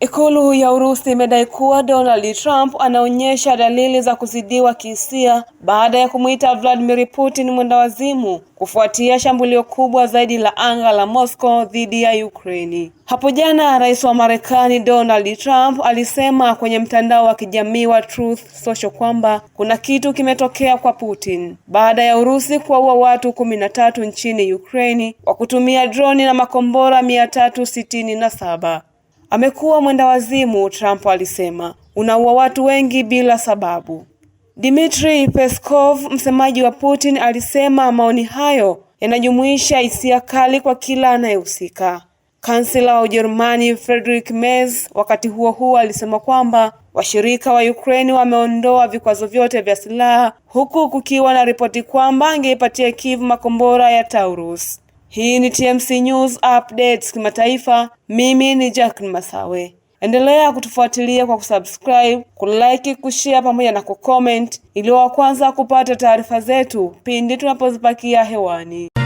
Ikulu ya Urusi imedai kuwa Donald Trump anaonyesha dalili za kuzidiwa kihisia baada ya kumwita Vladimir Putin mwendawazimu kufuatia shambulio kubwa zaidi la anga la Moscow dhidi ya Ukraini. Hapo jana, Rais wa Marekani Donald Trump alisema kwenye mtandao wa kijamii wa Truth Social kwamba kuna kitu kimetokea kwa Putin baada ya Urusi kuwaua watu kumi na tatu nchini Ukraini kwa kutumia droni na makombora mia tatu sitini na saba amekuwa mwendawazimu, Trump alisema, unaua watu wengi bila sababu. Dmitry Peskov, msemaji wa Putin, alisema maoni hayo yanajumuisha hisia kali kwa kila anayehusika. Kansela wa Ujerumani Friedrich Merz wakati huo huo alisema kwamba washirika wa Ukraine wameondoa vikwazo vyote vya silaha huku kukiwa na ripoti kwamba angeipatia Kiev makombora ya Taurus. Hii ni TMC News Updates kimataifa. Mimi ni Jacqueline Masawe. Endelea kutufuatilia kwa kusubscribe, kulike, kushare pamoja na kucomment ili wa kwanza kupata taarifa zetu pindi tunapozipakia hewani.